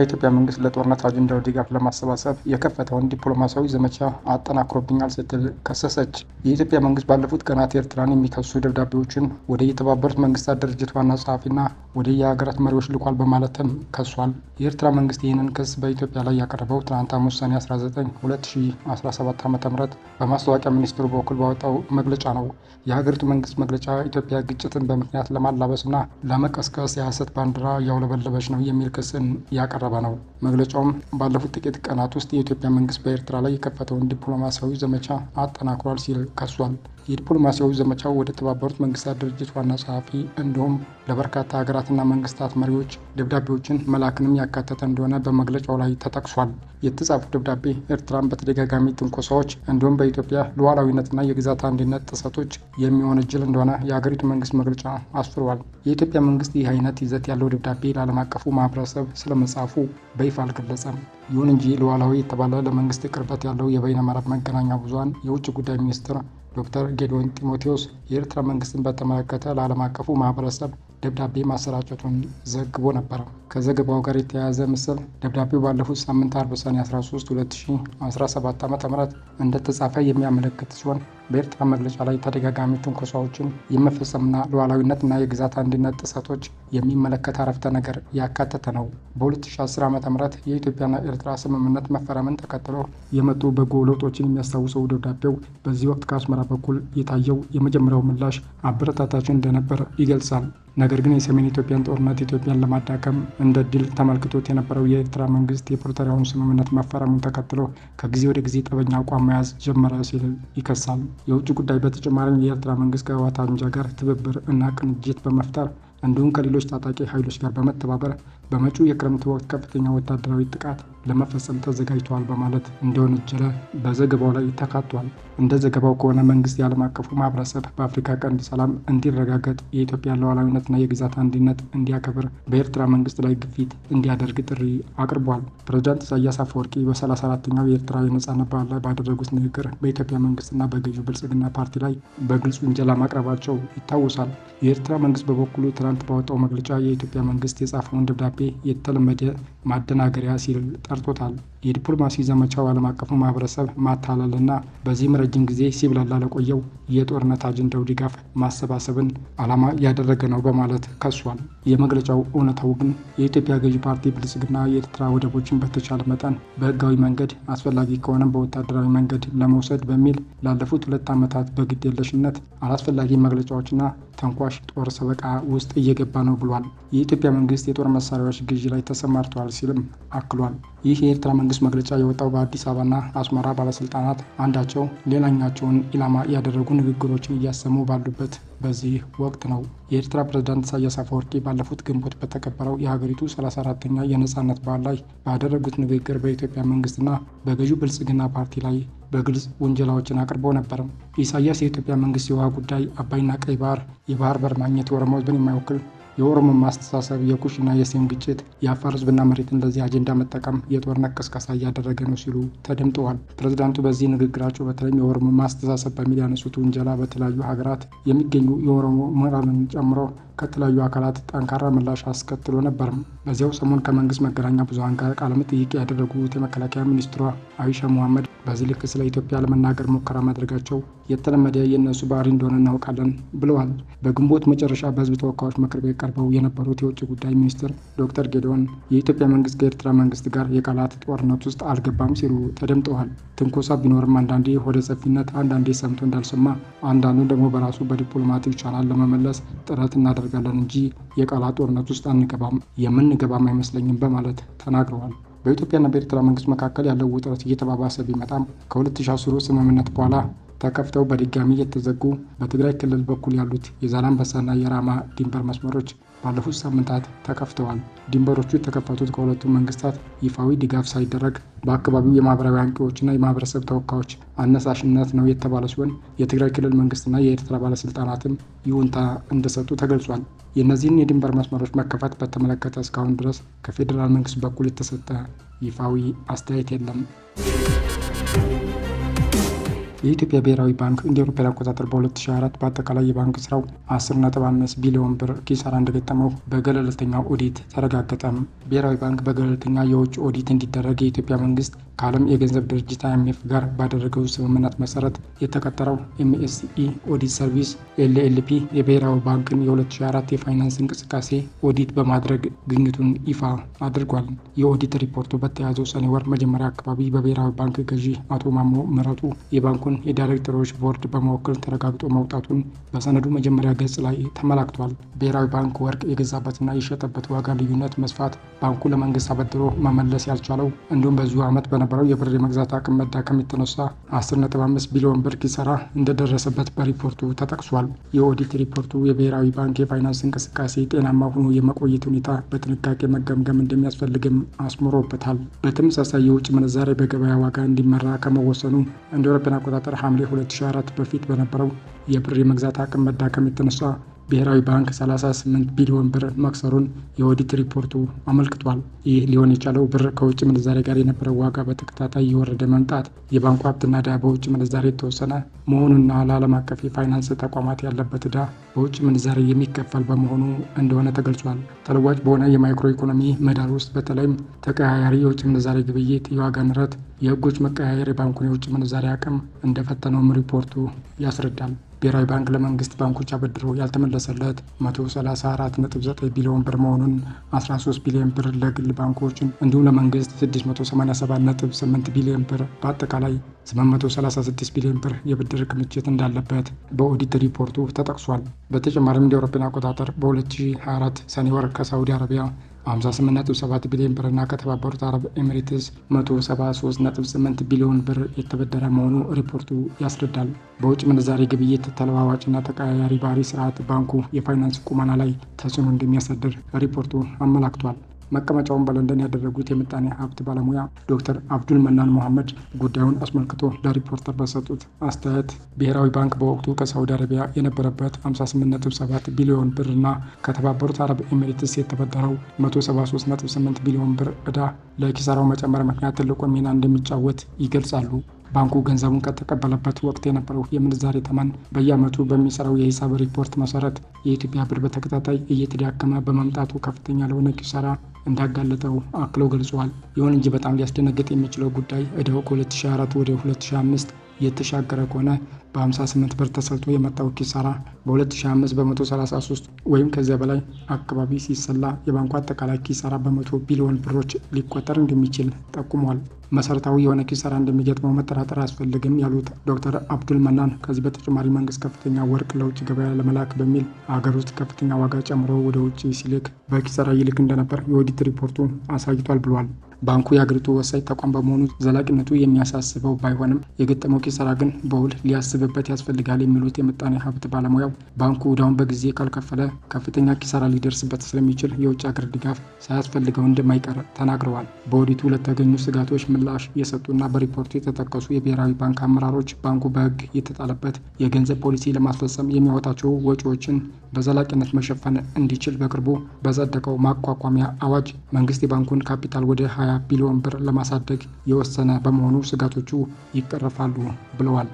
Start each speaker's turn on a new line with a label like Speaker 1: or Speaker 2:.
Speaker 1: የኢትዮጵያ መንግስት ለጦርነት አጀንዳው ድጋፍ ለማሰባሰብ የከፈተውን ዲፕሎማሲያዊ ዘመቻ አጠናክሮብኛል ስትል ከሰሰች። የኢትዮጵያ መንግስት ባለፉት ቀናት ኤርትራን የሚከሱ ደብዳቤዎችን ወደ የተባበሩት መንግስታት ድርጅት ዋና ጸሐፊና ወደ የሀገራት መሪዎች ልኳል በማለትም ከሷል። የኤርትራ መንግስት ይህንን ክስ በኢትዮጵያ ላይ ያቀረበው ትናንት ሐሙስ ሰኔ 19 2017 ዓ ም በማስታወቂያ ሚኒስትሩ በኩል ባወጣው መግለጫ ነው። የሀገሪቱ መንግስት መግለጫ ኢትዮጵያ ግጭትን በምክንያት ለማላበስና ለመቀስቀስ የሐሰት ባንዲራ እያውለበለበች ነው የሚል ክስን ያቀረበ እየቀረበ ነው። መግለጫውም ባለፉት ጥቂት ቀናት ውስጥ የኢትዮጵያ መንግስት በኤርትራ ላይ የከፈተውን ዲፕሎማሲያዊ ዘመቻ አጠናክሯል ሲል ከሷል። የዲፕሎማሲያዊ ዘመቻው ወደ ተባበሩት መንግስታት ድርጅት ዋና ጸሐፊ እንዲሁም ለበርካታ ሀገራትና መንግስታት መሪዎች ደብዳቤዎችን መላክንም ያካተተ እንደሆነ በመግለጫው ላይ ተጠቅሷል። የተጻፈው ደብዳቤ ኤርትራን በተደጋጋሚ ትንኮሳዎች እንዲሁም በኢትዮጵያ ሉዓላዊነትና የግዛት አንድነት ጥሰቶች የሚሆን እጅል እንደሆነ የሀገሪቱ መንግስት መግለጫ አስፍሯል። የኢትዮጵያ መንግስት ይህ አይነት ይዘት ያለው ደብዳቤ ለዓለም አቀፉ ማህበረሰብ ስለመጻፉ በይፋ አልገለጸም። ይሁን እንጂ ሉዓላዊ የተባለ ለመንግስት ቅርበት ያለው የበይነመረብ መገናኛ ብዙሃን የውጭ ጉዳይ ሚኒስትር ዶክተር ጌዲዮን ጢሞቴዎስ የኤርትራ መንግስትን በተመለከተ ለዓለም አቀፉ ማህበረሰብ ደብዳቤ ማሰራጨቱን ዘግቦ ነበረ። ከዘገባው ጋር የተያያዘ ምስል ደብዳቤው ባለፉት ሳምንት አርብ ሰኔ 13 2017 ዓ ም እንደተጻፈ የሚያመለክት ሲሆን በኤርትራ መግለጫ ላይ ተደጋጋሚ ትንኮሳዎችን የመፈጸምና ሉዓላዊነትና የግዛት አንድነት ጥሰቶች የሚመለከት አረፍተ ነገር ያካተተ ነው። በ2010 ዓ ም የኢትዮጵያና ኤርትራ ስምምነት መፈረምን ተከትሎ የመጡ በጎ ለውጦችን የሚያስታውሰው ደብዳቤው በዚህ ወቅት ከአስመራ በኩል የታየው የመጀመሪያው ምላሽ አበረታታችን እንደነበር ይገልጻል። ነገር ግን የሰሜን ኢትዮጵያን ጦርነት ኢትዮጵያን ለማዳከም እንደ ድል ተመልክቶት የነበረው የኤርትራ መንግስት የፕሪቶሪያውን ስምምነት መፈረሙን ተከትሎ ከጊዜ ወደ ጊዜ ጠበኛ አቋም መያዝ ጀመረ ሲል ይከሳል። የውጭ ጉዳይ በተጨማሪም የኤርትራ መንግስት ከህወሓት አንጃ ጋር ትብብር እና ቅንጅት በመፍጠር እንዲሁም ከሌሎች ታጣቂ ኃይሎች ጋር በመተባበር በመጪው የክረምት ወቅት ከፍተኛ ወታደራዊ ጥቃት ለመፈጸም ተዘጋጅተዋል በማለት እንደወነጀለ በዘገባው ላይ ተካቷል። እንደ ዘገባው ከሆነ መንግስት የዓለም አቀፉ ማህበረሰብ በአፍሪካ ቀንድ ሰላም እንዲረጋገጥ የኢትዮጵያ ሉዓላዊነትና የግዛት አንድነት እንዲያከብር በኤርትራ መንግስት ላይ ግፊት እንዲያደርግ ጥሪ አቅርቧል። ፕሬዚዳንት ኢሳያስ አፈወርቂ በ34ኛው የኤርትራ የነጻነት በዓል ላይ ባደረጉት ንግግር በኢትዮጵያ መንግስትና በገዢው ብልጽግና ፓርቲ ላይ በግልጽ ውንጀላ ማቅረባቸው ይታወሳል። የኤርትራ መንግስት በበኩሉ ትናንት ባወጣው መግለጫ የኢትዮጵያ መንግስት የጻፈውን ድብዳቤ ኤምባፔ የተለመደ ማደናገሪያ ሲል ጠርቶታል። የዲፕሎማሲ ዘመቻው ዓለም አቀፉ ማህበረሰብ ማታለልና በዚህም ረጅም ጊዜ ሲብላላ ለቆየው የጦርነት አጀንዳው ድጋፍ ማሰባሰብን ዓላማ ያደረገ ነው በማለት ከሷል። የመግለጫው እውነታው ግን የኢትዮጵያ ገዢ ፓርቲ ብልጽግና የኤርትራ ወደቦችን በተቻለ መጠን በህጋዊ መንገድ አስፈላጊ ከሆነም በወታደራዊ መንገድ ለመውሰድ በሚል ላለፉት ሁለት ዓመታት በግዴለሽነት አላስፈላጊ መግለጫዎችና ተንኳሽ ጦር ሰበቃ ውስጥ እየገባ ነው ብሏል። የኢትዮጵያ መንግስት የጦር መሳሪያ መሳሪያዎች ግዢ ላይ ተሰማርተዋል ሲልም አክሏል። ይህ የኤርትራ መንግስት መግለጫ የወጣው በአዲስ አበባና አስመራ ባለስልጣናት አንዳቸው ሌላኛቸውን ኢላማ ያደረጉ ንግግሮችን እያሰሙ ባሉበት በዚህ ወቅት ነው። የኤርትራ ፕሬዝዳንት ኢሳያስ አፈወርቂ ባለፉት ግንቦት በተከበረው የሀገሪቱ 34ተኛ የነጻነት በዓል ላይ ባደረጉት ንግግር በኢትዮጵያ መንግስትና በገዢው ብልጽግና ፓርቲ ላይ በግልጽ ውንጀላዎችን አቅርቦ ነበር። ኢሳያስ የኢትዮጵያ መንግስት የውሃ ጉዳይ፣ አባይና ቀይ ባህር፣ የባህር በር ማግኘት ኦሮሞዎችን የማይወክል የኦሮሞ ማስተሳሰብ፣ የኩሽና የሴም ግጭት የአፋር ህዝብና መሬትን ለዚህ አጀንዳ መጠቀም የጦርነት ቅስቀሳ እያደረገ ነው ሲሉ ተደምጠዋል። ፕሬዚዳንቱ በዚህ ንግግራቸው በተለይም የኦሮሞ ማስተሳሰብ በሚል ያነሱት ውንጀላ በተለያዩ ሀገራት የሚገኙ የኦሮሞ ምሁራንን ጨምሮ ከተለያዩ አካላት ጠንካራ ምላሽ አስከትሎ ነበር። በዚያው ሰሞን ከመንግስት መገናኛ ብዙሀን ጋር ቃለመጠይቅ ያደረጉት የመከላከያ ሚኒስትሯ አይሻ መሐመድ በዚህ ልክ ስለ ኢትዮጵያ ለመናገር ሙከራ ማድረጋቸው የተለመደ የእነሱ ባህሪ እንደሆነ እናውቃለን ብለዋል። በግንቦት መጨረሻ በህዝብ ተወካዮች ምክር ቤት ቀርበው የነበሩት የውጭ ጉዳይ ሚኒስትር ዶክተር ጌዲዮን የኢትዮጵያ መንግስት ከኤርትራ መንግስት ጋር የቃላት ጦርነት ውስጥ አልገባም ሲሉ ተደምጠዋል። ትንኮሳ ቢኖርም አንዳንዴ ሆደ ሰፊነት፣ አንዳንዴ ሰምቶ እንዳልሰማ፣ አንዳንዱን ደግሞ በራሱ በዲፕሎማቲክ ቻናል ለመመለስ ጥረት እናደርጋል እናደርጋለን እንጂ የቃላት ጦርነት ውስጥ አንገባም፣ የምንገባም አይመስለኝም በማለት ተናግረዋል። በኢትዮጵያና በኤርትራ መንግስት መካከል ያለው ውጥረት እየተባባሰ ቢመጣም ከ2010 ስምምነት በኋላ ተከፍተው በድጋሚ የተዘጉ በትግራይ ክልል በኩል ያሉት የዛላንበሳና የራማ ድንበር መስመሮች ባለፉት ሳምንታት ተከፍተዋል። ድንበሮቹ የተከፈቱት ከሁለቱም መንግስታት ይፋዊ ድጋፍ ሳይደረግ በአካባቢው የማህበራዊ አንቂዎችና የማህበረሰብ ተወካዮች አነሳሽነት ነው የተባለ ሲሆን የትግራይ ክልል መንግስትና የኤርትራ ባለስልጣናትም ይሁንታ እንደሰጡ ተገልጿል። የእነዚህን የድንበር መስመሮች መከፈት በተመለከተ እስካሁን ድረስ ከፌዴራል መንግስት በኩል የተሰጠ ይፋዊ አስተያየት የለም። የኢትዮጵያ ብሔራዊ ባንክ እንደ አውሮፓውያን አቆጣጠር በ2024 በአጠቃላይ የባንክ ስራው 10.5 ቢሊዮን ብር ኪሳራ እንደገጠመው በገለልተኛ ኦዲት ተረጋገጠም። ብሔራዊ ባንክ በገለልተኛ የውጭ ኦዲት እንዲደረግ የኢትዮጵያ መንግስት ከዓለም የገንዘብ ድርጅት አይኤምኤፍ ጋር ባደረገው ስምምነት መሰረት የተቀጠረው ኤምኤስኢ ኦዲት ሰርቪስ ኤልኤልፒ የብሔራዊ ባንክን የ2024 የፋይናንስ እንቅስቃሴ ኦዲት በማድረግ ግኝቱን ይፋ አድርጓል። የኦዲት ሪፖርቱ በተያዘው ሰኔ ወር መጀመሪያ አካባቢ በብሔራዊ ባንክ ገዢ አቶ ማሞ ምህረቱ የባንኩን የዳይሬክተሮች ቦርድ በመወከል ተረጋግጦ መውጣቱን በሰነዱ መጀመሪያ ገጽ ላይ ተመላክቷል። ብሔራዊ ባንክ ወርቅ የገዛበትና የሸጠበት ዋጋ ልዩነት መስፋት ባንኩ ለመንግስት አበድሮ መመለስ ያልቻለው እንዲሁም በዚሁ ዓመት በነበረው የብር የመግዛት አቅም መዳከም የተነሳ 15 ቢሊዮን ብር ኪሳራ እንደደረሰበት በሪፖርቱ ተጠቅሷል። የኦዲት ሪፖርቱ የብሔራዊ ባንክ የፋይናንስ እንቅስቃሴ ጤናማ ሆኖ የመቆየት ሁኔታ በጥንቃቄ መገምገም እንደሚያስፈልግም አስምሮበታል። በተመሳሳይ የውጭ ምንዛሬ በገበያ ዋጋ እንዲመራ ከመወሰኑ እንደ አውሮፓውያን አቆጣጠር አቆጣጠር ሐምሌ 2004 በፊት በነበረው የብር የመግዛት አቅም መዳከም የተነሳ ብሔራዊ ባንክ 38 ቢሊዮን ብር መክሰሩን የኦዲት ሪፖርቱ አመልክቷል። ይህ ሊሆን የቻለው ብር ከውጭ ምንዛሬ ጋር የነበረው ዋጋ በተከታታይ የወረደ መምጣት፣ የባንኩ ሀብትና ዕዳ በውጭ ምንዛሬ የተወሰነ መሆኑና ለዓለም አቀፍ የፋይናንስ ተቋማት ያለበት ዕዳ በውጭ ምንዛሬ የሚከፈል በመሆኑ እንደሆነ ተገልጿል። ተለዋጭ በሆነ የማይክሮ ኢኮኖሚ ምህዳር ውስጥ በተለይም ተቀያያሪ የውጭ ምንዛሬ ግብይት፣ የዋጋ ንረት፣ የህጎች መቀያየር የባንኩን የውጭ ምንዛሬ አቅም እንደፈተነውም ሪፖርቱ ያስረዳል። ብሔራዊ ባንክ ለመንግስት ባንኮች አበድሮ ያልተመለሰለት 134.9 ቢሊዮን ብር መሆኑን 13 ቢሊዮን ብር ለግል ባንኮች እንዲሁም ለመንግስት 687.8 ቢሊዮን ብር በአጠቃላይ 836 ቢሊዮን ብር የብድር ክምችት እንዳለበት በኦዲት ሪፖርቱ ተጠቅሷል። በተጨማሪም እንደ አውሮፓውያን አቆጣጠር በ2024 ሰኔ ወር ከሳዑዲ አረቢያ 587 ቢሊዮን ብርና ከተባበሩት አረብ ኤሚሬትስ 173.8 ቢሊዮን ብር የተበደረ መሆኑ ሪፖርቱ ያስረዳል። በውጭ ምንዛሬ ግብይት ተለዋዋጭና ተቀያያሪ ባህሪ ስርዓት ባንኩ የፋይናንስ ቁመና ላይ ተጽዕኖ እንደሚያሳድር ሪፖርቱ አመላክቷል። መቀመጫውን በለንደን ያደረጉት የምጣኔ ሀብት ባለሙያ ዶክተር አብዱል መናን መሐመድ ጉዳዩን አስመልክቶ ለሪፖርተር በሰጡት አስተያየት ብሔራዊ ባንክ በወቅቱ ከሳውዲ አረቢያ የነበረበት 587 ቢሊዮን ብር እና ከተባበሩት አረብ ኤሚሬትስ የተበደረው 173.8 ቢሊዮን ብር ዕዳ ለኪሳራው መጨመር ምክንያት ትልቁን ሚና እንደሚጫወት ይገልጻሉ። ባንኩ ገንዘቡን ከተቀበለበት ወቅት የነበረው የምንዛሬ ተመን በየዓመቱ በሚሰራው የሂሳብ ሪፖርት መሰረት የኢትዮጵያ ብር በተከታታይ እየተዳከመ በመምጣቱ ከፍተኛ ለሆነ ኪሳራ እንዳጋለጠው አክለው ገልጿል። ይሁን እንጂ በጣም ሊያስደነግጥ የሚችለው ጉዳይ ዕዳው ከ2004 ወደ 2005 የተሻገረ ከሆነ በ58 ብር ተሰልቶ የመጣው ኪሳራ በ2005 በ133 ወይም ከዚያ በላይ አካባቢ ሲሰላ የባንኩ አጠቃላይ ኪሳራ በመቶ ቢሊዮን ብሮች ሊቆጠር እንደሚችል ጠቁሟል። መሰረታዊ የሆነ ኪሳራ እንደሚገጥመው መጠራጠር አያስፈልግም ያሉት ዶክተር አብዱል መናን ከዚህ በተጨማሪ መንግስት ከፍተኛ ወርቅ ለውጭ ገበያ ለመላክ በሚል አገር ውስጥ ከፍተኛ ዋጋ ጨምሮ ወደ ውጭ ሲልክ በኪሳራ ይልክ እንደነበር የኦዲት ሪፖርቱ አሳይቷል ብሏል። ባንኩ የሀገሪቱ ወሳኝ ተቋም በመሆኑ ዘላቂነቱ የሚያሳስበው ባይሆንም የገጠመው ኪሳራ ግን በውል ሊያስብበት ያስፈልጋል የሚሉት የምጣኔ ሀብት ባለሙያው ባንኩ ዕዳውን በጊዜ ካልከፈለ ከፍተኛ ኪሳራ ሊደርስበት ስለሚችል የውጭ ሀገር ድጋፍ ሳያስፈልገው እንደማይቀር ተናግረዋል። በኦዲቱ ለተገኙ ስጋቶች ምላሽ የሰጡና በሪፖርቱ የተጠቀሱ የብሔራዊ ባንክ አመራሮች ባንኩ በሕግ የተጣለበት የገንዘብ ፖሊሲ ለማስፈጸም የሚያወጣቸው ወጪዎችን በዘላቂነት መሸፈን እንዲችል በቅርቡ በጸደቀው ማቋቋሚያ አዋጅ መንግስት የባንኩን ካፒታል ወደ 20 ቢሊዮን ብር ለማሳደግ የወሰነ በመሆኑ ስጋቶቹ ይቀረፋሉ ብለዋል።